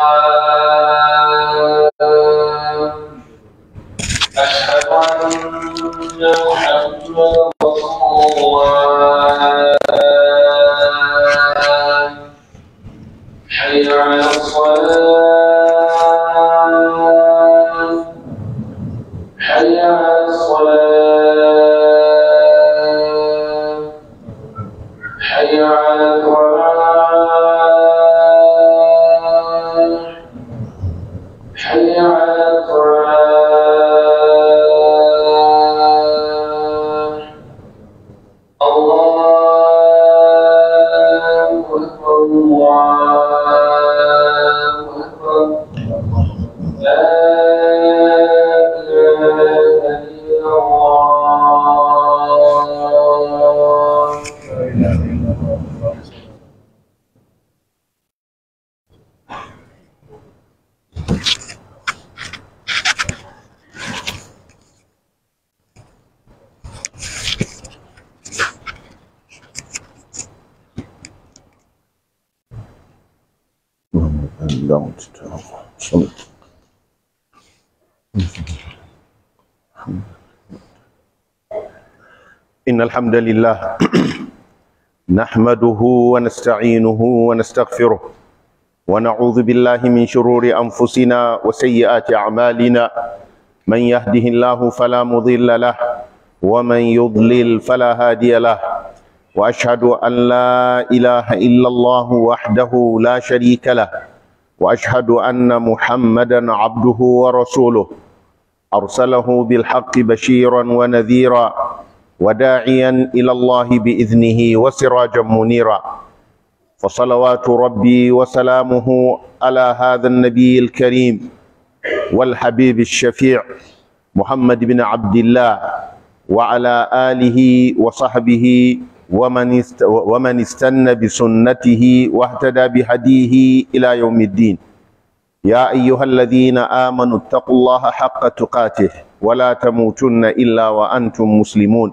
أشهد أن إن الحمد لله نحمده ونستعينه ونستغفره ونعوذ بالله من شرور أنفسنا وسيئات أعمالنا من يهده الله فلا مضل له ومن يضلل فلا هادي له وأشهد أن لا إله إلا الله وحده لا شريك له وأشهد أن محمدا عبده ورسوله أرسله بالحق بشيرا ونذيرا وداعيا إلى الله بإذنه وسراجا منيرا فصلوات ربي وسلامه على هذا النبي الكريم والحبيب الشفيع محمد بن عبد الله وعلى آله وصحبه ومن است ومن استنى بسنته واهتدى بهديه إلى يوم الدين يا أيها الذين آمنوا اتقوا الله حق تقاته ولا تموتن إلا وأنتم مسلمون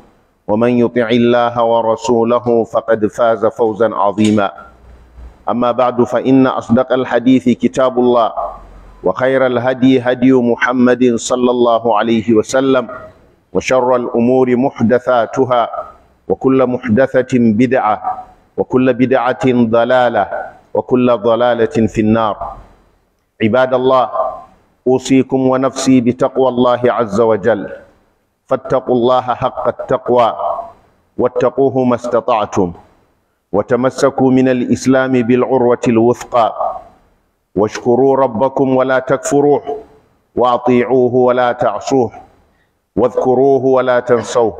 ومن يطع الله ورسوله فقد فاز فوزا عظيما أما بعد فإن أصدق الحديث كتاب الله وخير الهدي هدي محمد صلى الله عليه وسلم وشر الأمور محدثاتها وكل محدثة بدعة وكل بدعة ضلالة وكل ضلالة في النار عباد الله أوصيكم ونفسي بتقوى الله عز وجل فاتقوا الله حق التقوى واتقوه ما استطعتم وتمسكوا من الإسلام بالعروة الوثقى واشكروا ربكم ولا تكفروه وأطيعوه ولا تعصوه واذكروه ولا تنسوه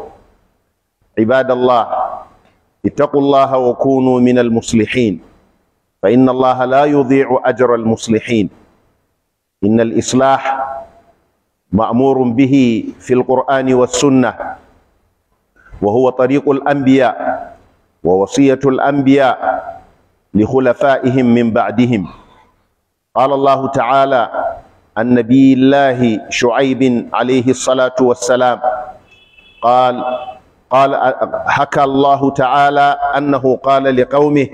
عباد الله اتقوا الله وكونوا من المصلحين فإن الله لا يضيع أجر المصلحين إن الإصلاح مأمور به في القرآن والسنة وهو طريق الأنبياء ووصية الأنبياء لخلفائهم من بعدهم قال الله تعالى عن نبي الله شعيب عليه الصلاة والسلام قال قال حكى الله تعالى أنه قال لقومه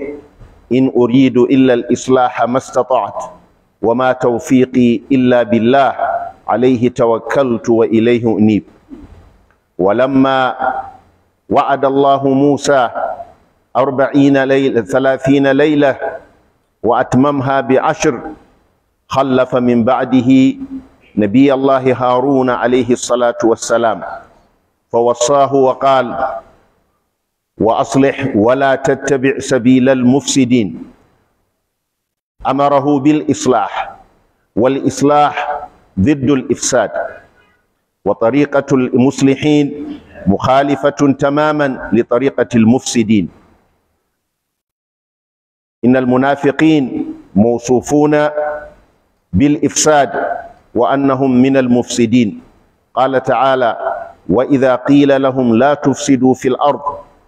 إن أريد إلا الإصلاح ما استطعت وما توفيقي إلا بالله عليه توكلت وإليه أنيب ولما وعد الله موسى أربعين ليلة ثلاثين ليلة وأتممها بعشر خلف من بعده نبي الله هارون عليه الصلاة والسلام فوصاه وقال وأصلح ولا تتبع سبيل المفسدين أمره بالإصلاح والإصلاح ضد الإفساد وطريقة المصلحين مخالفة تماما لطريقة المفسدين إن المنافقين موصوفون بالإفساد وأنهم من المفسدين قال تعالى وإذا قيل لهم لا تفسدوا في الأرض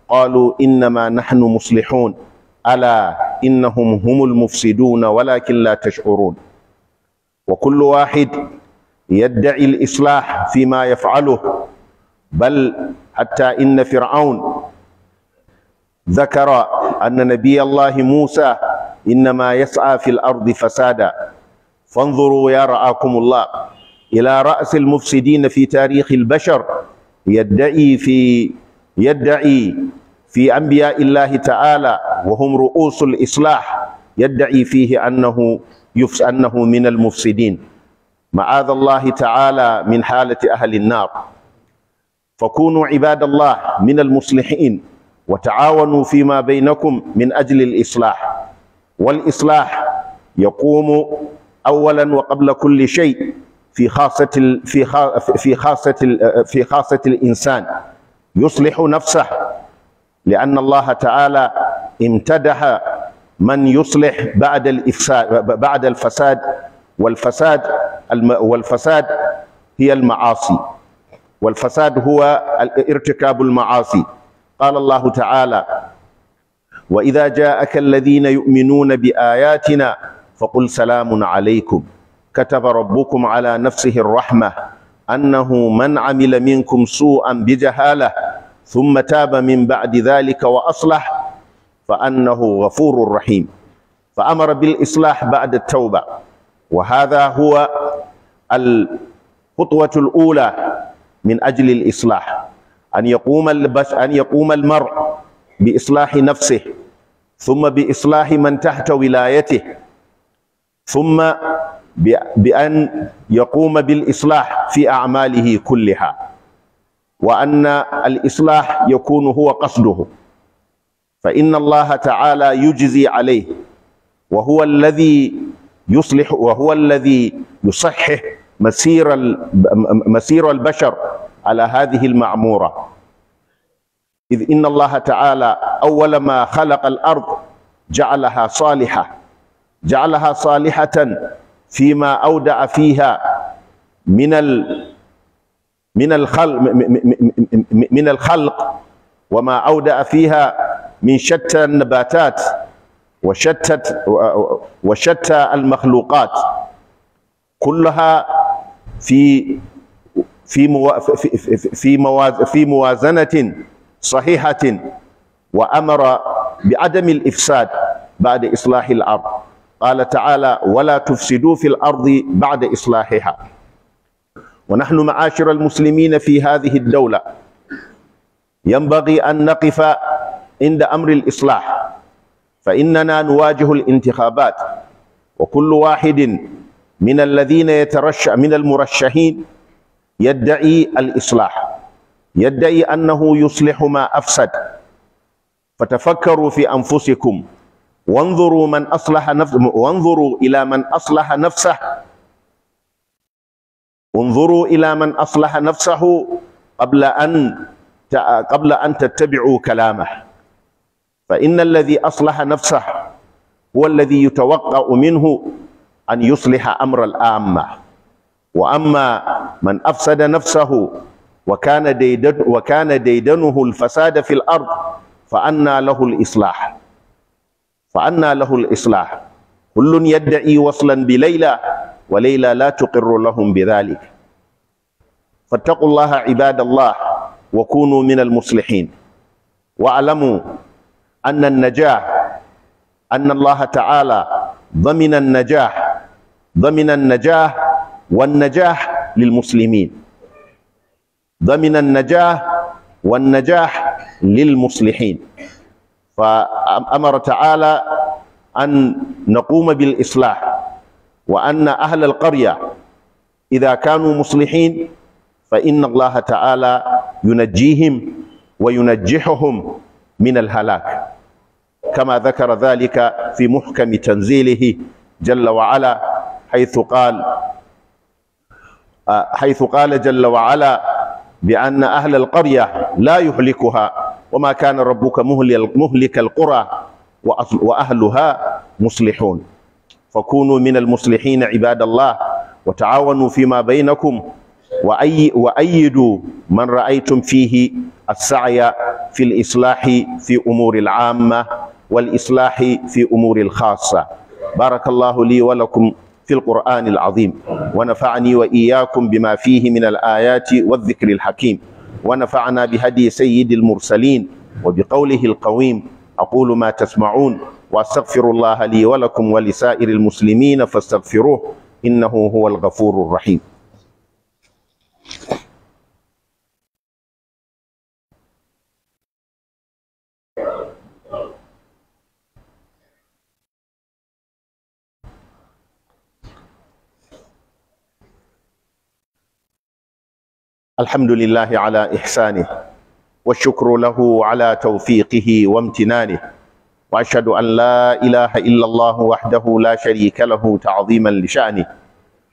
قالوا إنما نحن مصلحون ألا إنهم هم المفسدون ولكن لا تشعرون وكل واحد يدعي الإصلاح فيما يفعله بل حتى إن فرعون ذكر أن نبي الله موسى إنما يسعى في الأرض فسادا فانظروا يا رعاكم الله إلى رأس المفسدين في تاريخ البشر يدعي في يدعي في أنبياء الله تعالى وهم رؤوس الإصلاح يدعي فيه أنه أنه من المفسدين معاذ الله تعالى من حالة أهل النار فكونوا عباد الله من المصلحين وتعاونوا فيما بينكم من أجل الإصلاح والإصلاح يقوم أولا وقبل كل شيء في خاصة في في خاصة في خاصة الإنسان يصلح نفسه لأن الله تعالى امتدح من يصلح بعد الإفساد بعد الفساد والفساد والفساد هي المعاصي والفساد هو ارتكاب المعاصي قال الله تعالى وإذا جاءك الذين يؤمنون بآياتنا فقل سلام عليكم كتب ربكم على نفسه الرحمة أنه من عمل منكم سوءا بجهالة ثم تاب من بعد ذلك وأصلح فأنه غفور رحيم فأمر بالإصلاح بعد التوبة وهذا هو الخطوة الأولى من أجل الإصلاح أن يقوم البش أن يقوم المرء بإصلاح نفسه ثم بإصلاح من تحت ولايته ثم بأن يقوم بالإصلاح في أعماله كلها وأن الإصلاح يكون هو قصده فإن الله تعالى يجزي عليه وهو الذي يصلح وهو الذي يصحح مسير مسير البشر على هذه المعمورة إذ إن الله تعالى أول ما خلق الأرض جعلها صالحة جعلها صالحة فيما أودع فيها من من الخلق من الخلق وما أودع فيها من شتى النباتات وشتت وشتى المخلوقات كلها في في في في موازنة صحيحة وأمر بعدم الإفساد بعد إصلاح الأرض قال تعالى ولا تفسدوا في الأرض بعد إصلاحها ونحن معاشر المسلمين في هذه الدولة ينبغي أن نقف عند أمر الإصلاح فإننا نواجه الانتخابات وكل واحد من الذين يترشح من المرشحين يدعي الإصلاح يدعي أنه يصلح ما أفسد فتفكروا في أنفسكم وانظروا من أصلح نفس وانظروا إلى من أصلح نفسه انظروا إلى من أصلح نفسه قبل أن قبل أن تتبعوا كلامه فإن الذي أصلح نفسه هو الذي يتوقع منه أن يصلح أمر الآمة وأما من أفسد نفسه وكان ديدن وكان ديدنه الفساد في الأرض فأنا له الإصلاح فأنا له الإصلاح كل يدعي وصلا بليلى وليلى لا تقر لهم بذلك فاتقوا الله عباد الله وكونوا من المصلحين واعلموا أن النجاح أن الله تعالى ضمن النجاح ضمن النجاح والنجاح للمسلمين ضمن النجاح والنجاح للمصلحين فأمر تعالى أن نقوم بالإصلاح وأن أهل القرية إذا كانوا مصلحين فإن الله تعالى ينجيهم وينجحهم من الهلاك كما ذكر ذلك في محكم تنزيله جل وعلا حيث قال آه، حيث قال جل وعلا بأن أهل القرية لا يهلكها وما كان ربك مهلك القرى وأهلها مصلحون فكونوا من المصلحين عباد الله وتعاونوا فيما بينكم وأي وأيدوا من رأيتم فيه السعي في الإصلاح في أمور العامة والإصلاح في أمور الخاصة بارك الله لي ولكم في القرآن العظيم ونفعني وإياكم بما فيه من الآيات والذكر الحكيم ونفعنا بهدي سيد المرسلين وبقوله القويم أقول ما تسمعون وأستغفر الله لي ولكم ولسائر المسلمين فاستغفروه إنه هو الغفور الرحيم الحمد لله على إحسانه والشكر له على توفيقه وامتنانه وأشهد أن لا إله إلا الله وحده لا شريك له تعظيما لشأنه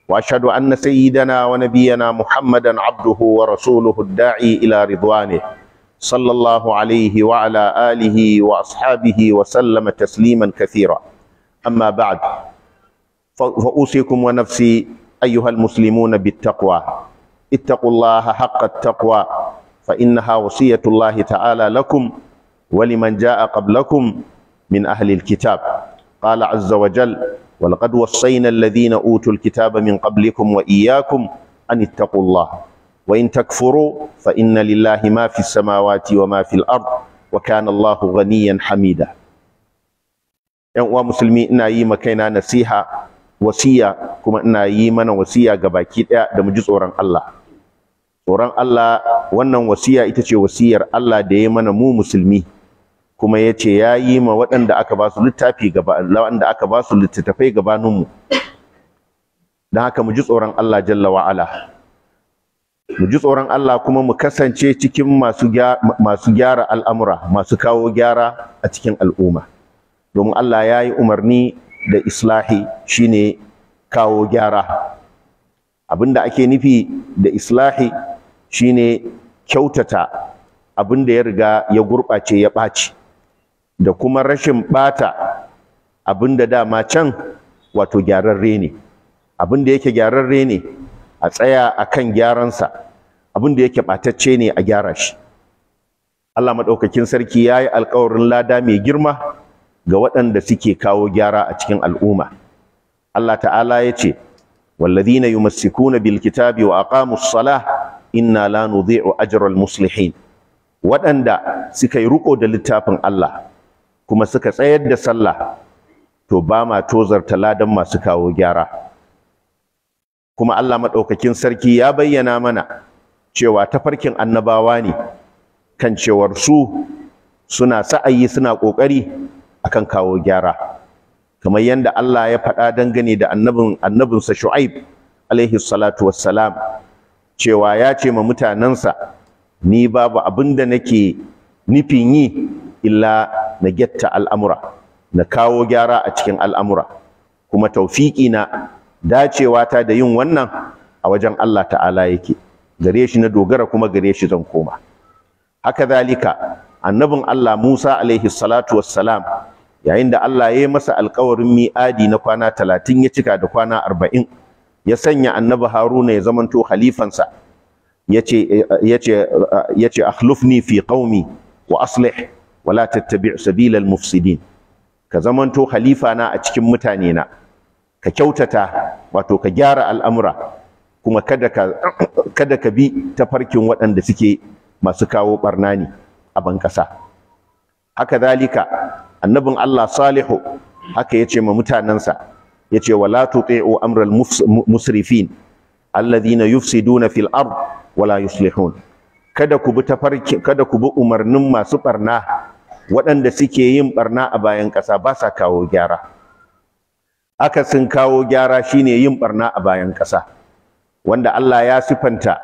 وأشهد أن سيدنا ونبينا محمدا عبده ورسوله الداعي إلى رضوانه صلى الله عليه وعلى آله وأصحابه وسلم تسليما كثيرا أما بعد فأوصيكم ونفسي أيها المسلمون بالتقوى اتقوا الله حق التقوى فإنها وصية الله تعالى لكم ولمن جاء قبلكم من أهل الكتاب قال عز وجل ولقد وصينا الذين أوتوا الكتاب من قبلكم وإياكم أن اتقوا الله وإن تكفروا فإن لله ما في السماوات وما في الأرض وكان الله غنيا حميدا ‘yan musulmi ina yi ma kaina nasiha wasiya kuma ina yi mana wasiya ga baki ɗaya da mu ji tsoron Allah tsoron Allah wannan wasiya ita ce wasiyar Allah da ya mana mu musulmi kuma ya ce ya yi ma waɗanda aka ba su littafi gaba waɗanda aka ba su littattafai gabaninmu don haka mu ji tsoron Allah jalla wa'ala mu ji tsoron Allah kuma mu kasance cikin masu masu gyara al'amura masu kawo gyara a cikin al'umma domin Allah ya yi umarni da islahi shine kawo gyara abinda ake nufi da islahi shine kyautata abin da ya riga ya gurɓace ya ɓaci da kuma rashin ɓata abin da dama can wato gyararre ne abin da yake gyararre ne a tsaya a kan gyaransa abin da yake ɓatacce ne a gyara shi Allah maɗaukakin sarki ya yi alkawarin lada mai girma ga waɗanda suke kawo gyara a cikin al'umma Allah ta'ala ya ce bil kitabi wa وأقاموا الصلاة inna la nudhi'u ajral muslihin waɗanda suka yi riko da littafin Allah kuma suka tsayar da sallah to ba ma tozarta ladan masu kawo gyara kuma Allah madaukakin sarki ya bayyana mana cewa tafarkin annabawa ne kan cewar su suna sa'ayi suna kokari akan kawo gyara kamar yadda Allah ya faɗa dangane da annabin annabinsa Shu'aib alaihi salatu wassalam cewa ya ce ma mutanensa ni babu abin da nake nufin yi illa na getta al'amura na kawo gyara a cikin al'amura kuma taufiƙi na dacewa ta da yin wannan a wajen Allah ta'ala yake gare shi na dogara kuma gare shi zan koma haka zalika annabin Allah Musa alaihi salatu wassalam yayin da Allah ya yi masa alkawarin mi'adi na kwana talatin ya cika da kwana arba'in ya sanya annabi haruna ya zamanto khalifansa yace yace yace akhlifni fi qaumi wa aslih wa la tattabi' sabila al-mufsidin ka zamanto khalifa na a cikin mutane na ka kyautata wato ka gyara al'amura kuma kada ka kada ka bi tafarkin waɗanda suke masu kawo barna ne a ban ƙasa haka zalika annabin Allah salihu haka yace ma mutanansa yace wala tuti'u amral musrifin alladhina yufsiduna fil ard wala yuslihun kada ku bi tafarki kada ku bi umarnin masu barna waɗanda suke yin barna a bayan ƙasa ba sa kawo gyara aka sun kawo gyara shine yin barna a bayan ƙasa wanda Allah ya sifanta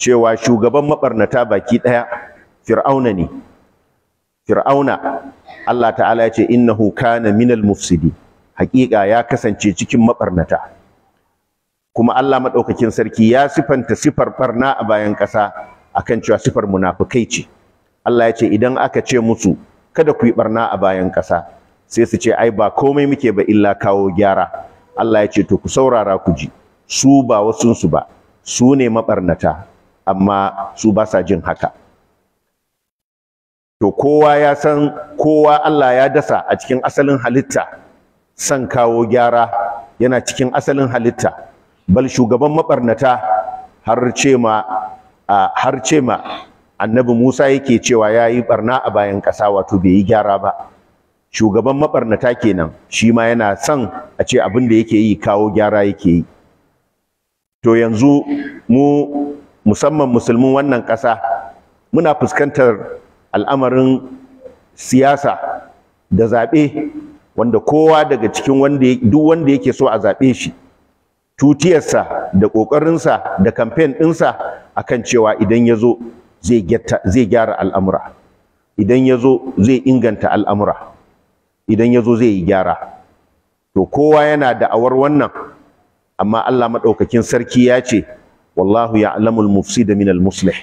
cewa shugaban mabarnata baki ɗaya fir'auna ne fir'auna Allah ta'ala ya ce innahu kana minal mufsidin hakika ya kasance cikin mabarnata kuma Allah madaukakin sarki ya sifanta sifar barna a bayan ƙasa akan cewa sifar munafikai ce Allah ya ce idan aka ce musu kada ku yi barna a bayan ƙasa sai su ce ai ba komai muke ba illa kawo gyara Allah ya ce to ku saurara ku ji su ba su ba su ne mabarnata amma su ba sa jin haka to kowa ya san kowa Allah ya dasa a cikin asalin halitta San kawo gyara yana cikin asalin halitta bal shugaban mabarnata har ce ma har ce ma annabi Musa yake cewa yayi barna a bayan ƙasa wato bai yi gyara ba shugaban mabarnata kenan shi ma yana son a ce abin da yake yi kawo gyara yake yi to yanzu mu musamman musulmin wannan ƙasa muna fuskantar al'amarin siyasa da zaɓe wanda kowa daga cikin wanda duk wanda yake so a zaɓe shi tutiyarsa da ƙoƙarinsa da kamfen ɗinsa akan cewa idan ya zo zai gyara al'amura idan yazo zai inganta al'amura idan yazo zai yi gyara to kowa yana da awar wannan amma Allah maɗaukakin sarki ya ce wallahu ya'lamul mufsida minal muslih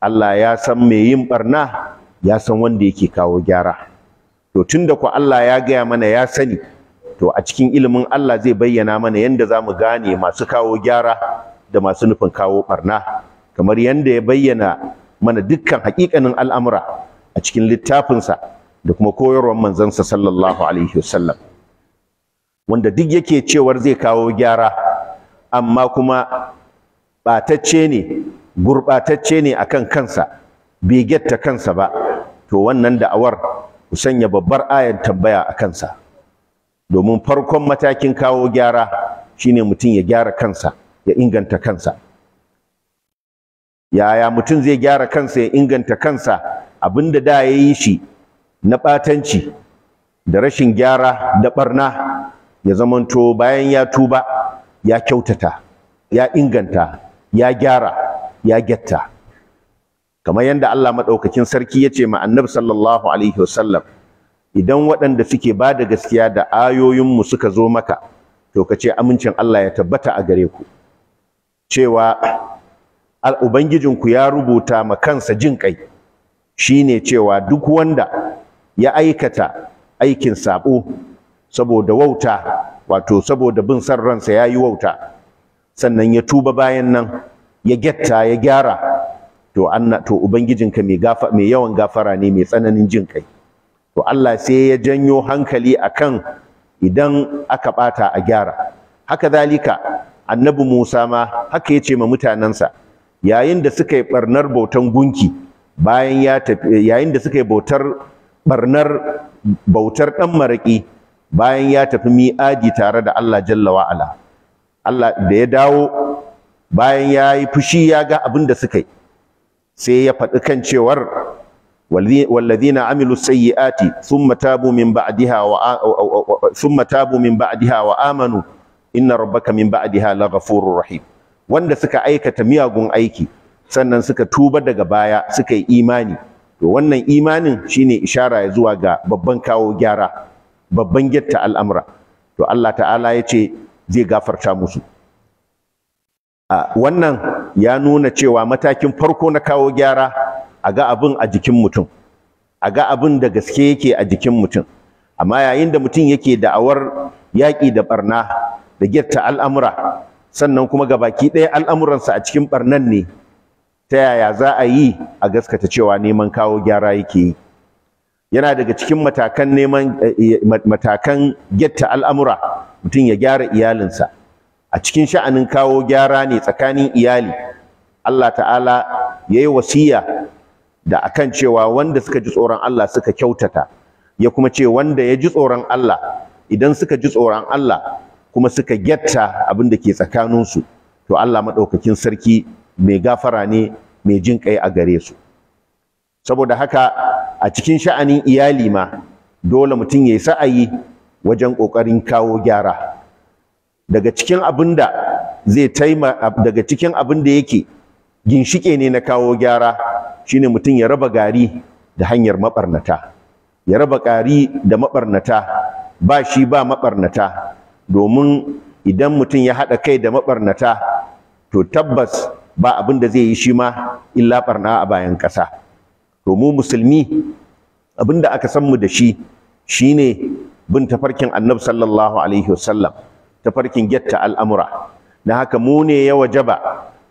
Allah ya san mai yin barna ya san wanda yake kawo gyara to tunda ku Allah ya gaya mana ya sani to a cikin ilimin Allah zai bayyana mana yanda za mu gane masu kawo gyara da masu nufin kawo barna kamar yanda ya bayyana mana dukkan haƙiƙanin al'amura a cikin littafinsa da kuma koyarwar manzansa sallallahu alaihi wasallam wanda duk yake cewar zai kawo gyara amma kuma ɓatacce ne gurɓatacce ne akan kansa bai getta kansa ba to wannan da'awar ku sanya babbar ayar tambaya a kansa domin farkon matakin kawo gyara shine mutum ya gyara kansa ya inganta kansa yaya mutum zai gyara kansa ya inganta kansa abinda da ya yi shi na ɓatanci da rashin gyara da ɓarna ya zamanto bayan ya tuba ya kyautata ya inganta ya gyara ya gyatta kamar yadda Allah madaukakin sarki yace ma annabi sallallahu alaihi wasallam idan waɗanda suke ba da gaskiya da ayoyinmu suka zo maka to ka ce amincin Allah ya tabbata a gare ku cewa ubangijinku ya rubuta ma kansa jin kai shine cewa duk wanda ya aikata aikin saɓo saboda wauta wato saboda bin san ransa yayi wauta sannan ya tuba bayan nan ya getta ya gyara to anna to ubangijinka mai gafa mai yawan gafara ne mai tsananin jin kai to Allah sai ya janyo hankali akan idan aka bata a gyara haka zalika annabi Musa ma haka yace ma mutanansa yayin da suka yi barnar bautan gunki bayan ya tafi yayin da suka yi bautar barnar bautar dan maraki bayan ya tafi mi'adi tare da Allah jalla wa ala Allah da ya dawo bayan ya yi fushi ya ga abin da suka yi sai ya faɗi kan cewar walladina amilu sayyi'ati thumma tabu min ba'diha wa thumma tabu min ba'diha wa amanu inna rabbaka min laghafurur rahim wanda suka aikata miyagun aiki sannan suka tuba daga baya suka yi imani to wannan imanin shine ishara ya zuwa ga babban kawo gyara babban getta al'amra to Allah ta'ala ya ce zai gafarta musu a wannan ya nuna cewa matakin farko na kawo gyara a ga abin a jikin mutum a ga abin da gaske yake a jikin mutum amma yayin da mutum yake da'awar yaƙi da barna da girta al'amura sannan kuma ga baki ɗaya al'amuransa a cikin ɓarnan ne ta yaya za a yi a gaskata cewa neman kawo gyara yake yi yana daga cikin matakan neman eh, eh, matakan getta al'amura mutum ya gyara iyalinsa a cikin sha'anin kawo gyara ne tsakanin iyali Allah ta'ala ya yi wasiya da akan cewa wanda suka ji tsoron Allah suka kyautata ya kuma ce wanda ya ji tsoron Allah idan suka ji tsoron Allah kuma suka gyatta abin da ke tsakaninsu to Allah maɗaukakin sarki mai gafara ne mai jin ƙai a gare su saboda haka a cikin sha'anin iyali ma dole mutum ya yi sa'ayi wajen ƙoƙarin kawo gyara daga cikin abin da zai taima daga cikin abin da yake ginshike ne na kawo gyara shine mutum ya raba gari da hanyar mabarnata ya raba gari da mabarnata ba shi ba mabarnata domin idan mutum ya haɗa kai da mabarnata to tabbas ba abin da zai yi shi ma illa barna a bayan ƙasa to mu musulmi abin da aka san mu da shi shine bin tafarkin annabi sallallahu alaihi wasallam tafarkin getta al'amura na haka mu ne ya wajaba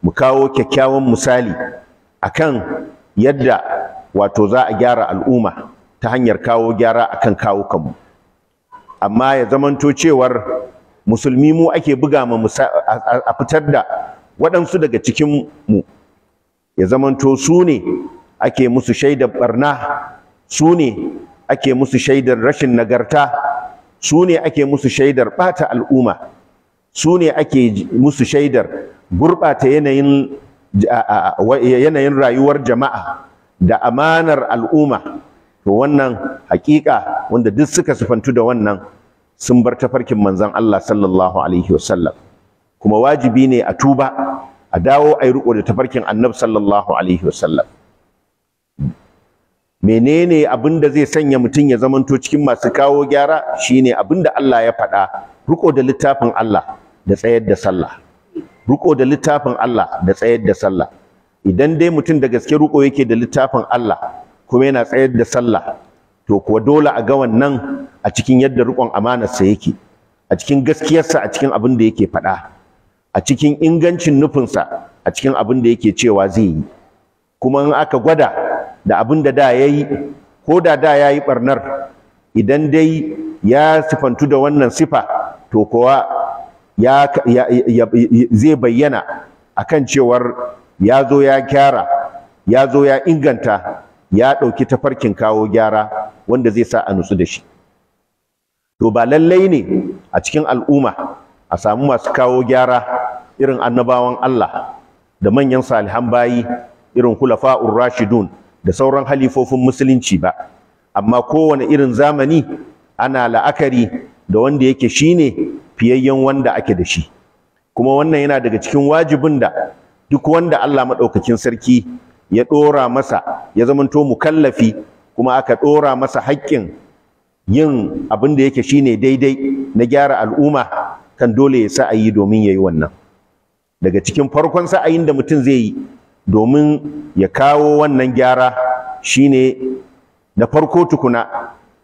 mu kawo kyakkyawan misali akan yadda wato za a gyara al'umma ta hanyar kawo gyara akan kawo kanmu amma ya zamanto cewar musulmi mu ake buga ma a fitar da waɗansu daga cikin mu ya zamanto su ne ake musu shaidar barna su ne ake musu shaidar rashin nagarta su ne ake musu shaidar ɓata al'umma su ne ake musu shaidar gurɓata yanayin rayuwar jama'a da amanar al'umma to wannan haƙiƙa wanda duk suka sufantu da wannan sun bar tafarkin manzon Allah sallallahu alaihi wasallam kuma wajibi ne a tuba a dawo a yi riko da tafarkin annabi sallallahu alaihi wasallam menene abin da zai sanya mutum ya zamanto cikin masu kawo gyara shine abin da Allah ya faɗa ruko da littafin Allah da tsayar da sallah riko da littafin Allah da tsayar da sallah idan dai mutum da gaske riko yake da littafin Allah kuma yana tsayar da sallah to kuwa dole a ga wannan a cikin yadda rikon amanarsa yake a cikin gaskiyarsa a cikin abin da yake faɗa a cikin ingancin nufinsa a cikin abin da yake cewa zai yi kuma in aka gwada da abin da da ya yi ko da da ya yi ɓarnar idan dai ya sifantu da wannan sifa to kowa zai bayyana a kan cewar ya zo ya gyara ya zo ya inganta ya ɗauki tafarkin kawo gyara wanda zai sa a nutsu da shi to ba lallai ne a cikin al'umma a samu masu kawo gyara irin annabawan Allah da manyan salihan bayi irin khulafa'ur rashidun da sauran halifofin musulunci ba amma kowane irin zamani ana la'akari da wanda yake shine fiyayyen wanda ake da shi kuma wannan yana daga cikin wajibin da duk wanda Allah maɗaukakin sarki ya ɗora masa ya zamanto mukallafi kuma aka ɗora masa haƙƙin yin abin da yake shine daidai na gyara al'umma kan dole ya sa sa'ayi domin ya yi wannan daga cikin farkon sa'ayin da mutum zai yi domin ya kawo wannan gyara shine da farko tukuna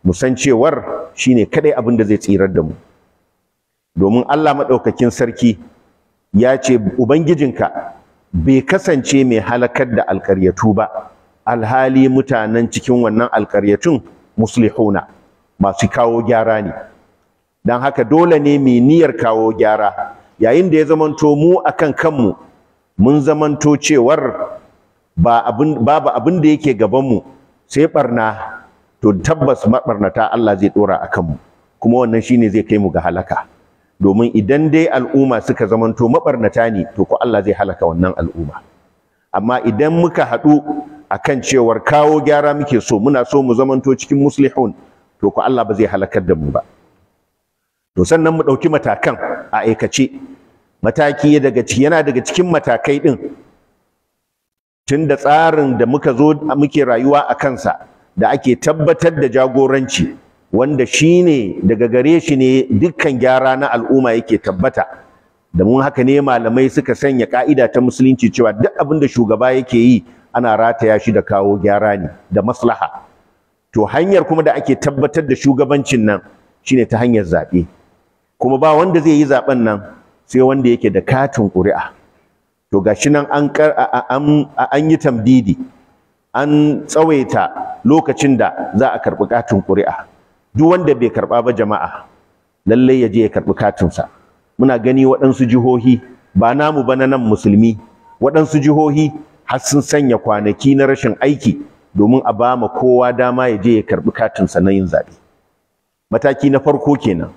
musancewar cewar shine kadai abin da zai tsirar da mu domin Allah maɗaukakin sarki ya ce ubangijinka bai kasance mai halakar da alkaryatu ba alhali mutanen cikin wannan alƙaryatun muslihuna masu kawo gyara ne don haka dole ne mai niyyar kawo gyara yayin da ya zamanto mu akan kanmu mun zamanto cewar babu abin da yake gaban mu sai barna to tabbas maɓarnata Allah zai ɗora akan mu kuma wannan shi ne zai kai mu ga halaka domin idan dai al'umma suka zamanto maɓarnata ne to ko Allah zai halaka wannan al'umma amma idan muka haɗu akan cewar kawo gyara muke so muna so mu zamanto cikin muslihun to ko Allah ba zai halakar da mu ba to sannan mu ɗauki matakan a aikace mataki daga yana daga cikin matakai din tunda tsarin da muka zo muke rayuwa a kansa da ake tabbatar da jagoranci wanda shine daga gare shi ne dukkan gyara na al'umma yake tabbata da mun haka ne malamai suka sanya ka'ida ta musulunci cewa duk abin da shugaba yake yi ana rataya shi da kawo gyara ne da maslaha to hanyar kuma da ake tabbatar da shugabancin nan shine ta hanyar zaɓe kuma ba wanda zai yi zaɓen nan sai wanda yake da katin ƙuri'a to gashi nan an an yi tamdidi an tsawaita lokacin da za a karɓi katin ƙuri'a duk wanda bai karɓa ba jama'a lallai ya je ya karɓi katinsa muna gani waɗansu jihohi ba namu ba na nan musulmi waɗansu jihohi har sun sanya kwanaki na rashin aiki domin a ba ma kowa dama ya je ya karɓi katinsa na yin zaɓe mataki na farko kenan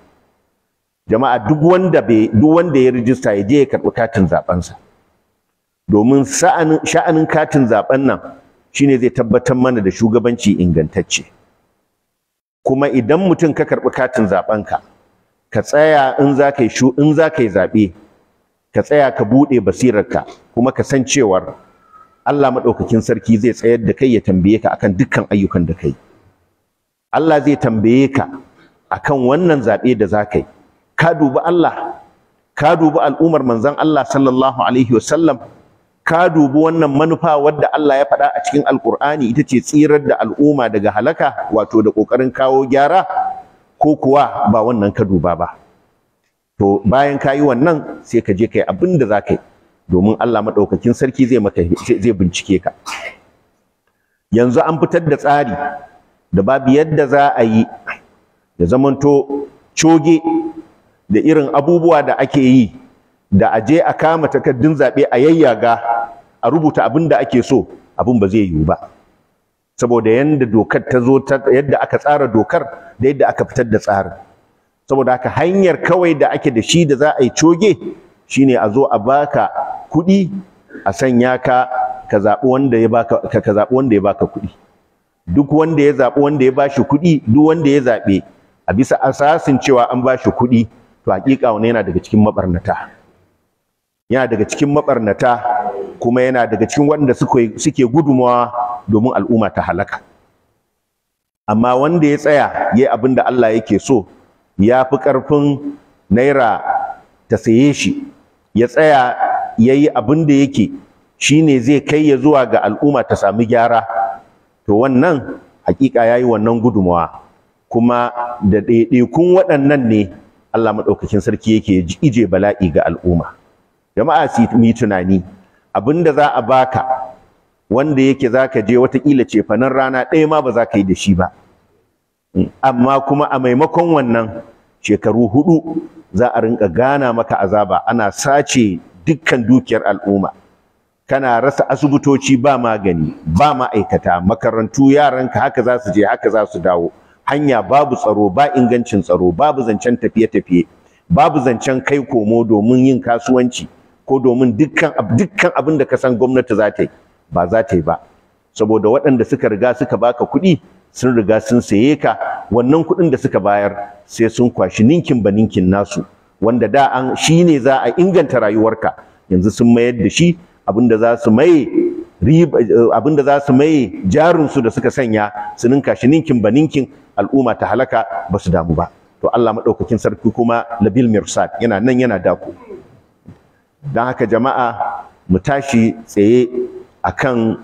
jama'a duk wanda bai duk wanda ya rijista ya je ya karɓi katin sa domin sha'anin katin zaɓen nan shine zai tabbatar mana da shugabanci ingantacce kuma idan mutum ka karɓi katin zaɓenka ka tsaya in za ka yi shu in za ka yi zaɓe ka tsaya ka buɗe basirarka kuma ka san cewar Allah maɗaukakin sarki zai tsayar da kai ya tambaye ka akan dukkan ayyukan da kai Allah zai tambaye ka akan wannan zaɓe da za ka ka dubi Allah ka dubi al'ummar manzon Allah sallallahu alaihi wasallam ka dubi wannan manufa wadda Allah ya faɗa a cikin alkur'ani ita ce tsirar da al'umma daga halaka wato da ƙoƙarin kawo gyara ko kuwa ba wannan ka duba ba to bayan ka wannan sai ka je kai abinda abin za ka yi domin Allah maɗaukakin sarki zai maka zai bincike ka yanzu an fitar da tsari da babu yadda za a yi ya zamanto coge da irin abubuwa da ake yi da a je a kama takardun zaɓe a yayyaga a rubuta abin da ake so abin ba zai yiwu ba saboda yadda dokar ta zo yadda aka tsara dokar da yadda aka fitar da tsarin saboda haka hanyar kawai da ake da shi da za a yi coge shine a zo a baka kuɗi a sanya ka ka zaɓi wanda ya baka ka zaɓi wanda ya baka kuɗi duk wanda ya zaɓi wanda ya bashi kuɗi duk wanda ya zaɓe a bisa asasin cewa an bashi kuɗi to hakika wannan yana daga cikin mabarnata yana daga cikin mabarnata kuma yana daga cikin wanda suke gudumawa domin al'umma ta halaka amma wanda ya tsaya ya yi abin da Allah yake so ya fi ƙarfin naira ta saye shi ya tsaya yayi yi abin da yake shi ne zai kai ya zuwa ga al'umma ta sami gyara to wannan hakika yayi wannan gudumawa kuma da ɗaiɗaikun waɗannan ne Allah madaukakin sarki yake ije bala'i ga al'umma jama'a su yi tunani abinda za a baka wanda yake zaka je watakila cefanen rana ɗaya ma ba za ka yi da shi ba amma kuma a maimakon wannan shekaru hudu za a rinka gana maka azaba ana sace dukkan dukiyar al'umma kana rasa asibitoci ba magani ba ma'aikata makarantu yaranka haka za su je haka za su dawo hanya babu tsaro ba ingancin tsaro babu zancen tafiye-tafiye babu zancen kai komo domin yin kasuwanci ko domin dukkan dukkan abin da ka san gwamnati za ta yi ba za ta yi ba saboda waɗanda suka riga suka baka kuɗi sun riga sun saye ka wannan kuɗin da suka bayar sai sun kwashi ninkin ba ninkin nasu wanda da an shi ne za a inganta rayuwarka yanzu sun mayar da shi abinda za su maye eh, abinda za su maye jarinsu da suka sanya su ninka shi ninkin ba ninkin al'umma ta halaka ba su damu ba to Allah madaukakin sarki kuma labil mirsad yana nan yana ku. dan haka jama'a mu tashi tsaye akan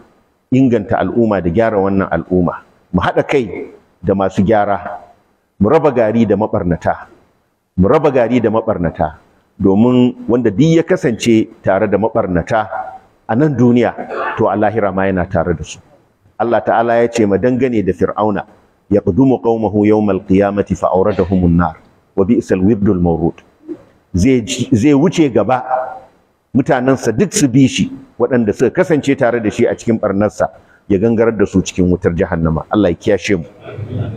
inganta al'umma da gyara wannan al'umma mu haɗa kai da masu gyara mu raba gari da mabarnata mu raba gari da mabarnata domin wanda duk ya kasance tare da mabarnata a nan duniya to a lahira ma yana tare da su Allah ta'ala ya ce ma dangane da fir'auna yaqdumu qaumahu yawmal qiyamati fa awradahum an-nar wa bi'sal wirdul mawrud zai zai wuce gaba mutanansa duk su bi shi waɗanda suka kasance tare da shi a cikin barnarsa ya gangarar da su cikin wutar jahannama Allah ya kiyashe mu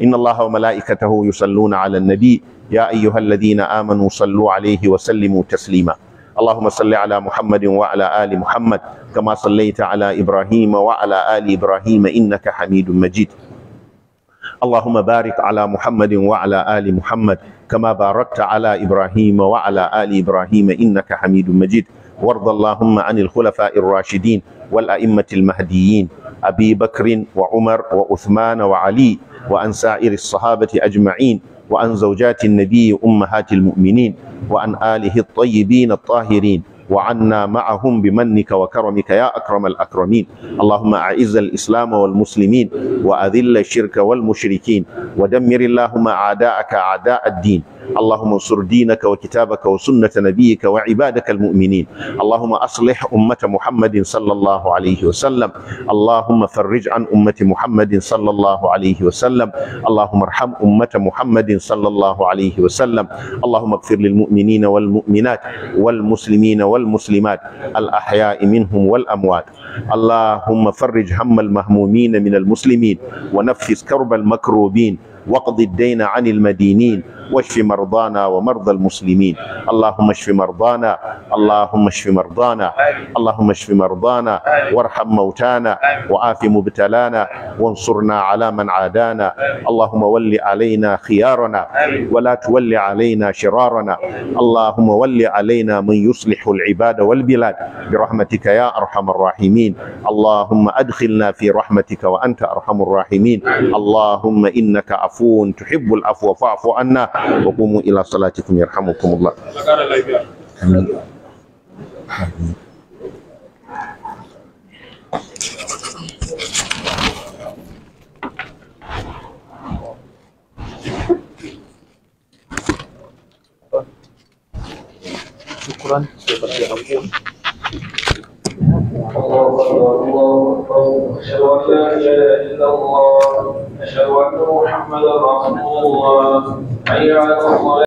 inna Allaha wa mala'ikatahu yusalluna 'alan nabi ya ayyuhalladhina amanu sallu 'alayhi wa sallimu taslima اللهم صل على محمد وعلى آل محمد كما صليت على إبراهيم وعلى آل إبراهيم إنك حميد مجيد اللهم بارك على محمد وعلى آل محمد كما باركت على إبراهيم وعلى آل إبراهيم إنك حميد مجيد وارض اللهم عن الخلفاء الراشدين والأئمة المهديين أبي بكر وعمر وأثمان وعلي وعن سائر الصحابة أجمعين وعن زوجات النبي أمهات المؤمنين وعن آله الطيبين الطاهرين وعنا معهم بمنك وكرمك يا أكرم الأكرمين اللهم أعز الإسلام والمسلمين وأذل الشرك والمشركين ودمر اللهم أعداءك أعداء الدين اللهم انصر دينك وكتابك وسنة نبيك وعبادك المؤمنين اللهم أصلح أمة محمد صلى الله عليه وسلم اللهم فرج عن أمة محمد صلى الله عليه وسلم اللهم ارحم أمة محمد صلى الله عليه وسلم اللهم اغفر للمؤمنين والمؤمنات والمسلمين والمسلمين والمسلمات الأحياء منهم والأموات اللهم فرج هم المهمومين من المسلمين ونفس كرب المكروبين واقض الدين عن المدينين واشف مرضانا ومرضى المسلمين اللهم اشف مرضانا اللهم اشف مرضانا اللهم اشف مرضانا وارحم موتانا وعاف مبتلانا وانصرنا على من عادانا اللهم ول علينا خيارنا ولا تول علينا شرارنا اللهم ول علينا من يصلح العباد والبلاد برحمتك يا ارحم الراحمين اللهم ادخلنا في رحمتك وانت ارحم الراحمين اللهم انك عفو تحب العفو فاعف عنا wa qumu ila salatikum yarhamukumullah شكرا أشهد أن لا إله إلا الله أشهد أن محمدا رسول الله حي على الصلاة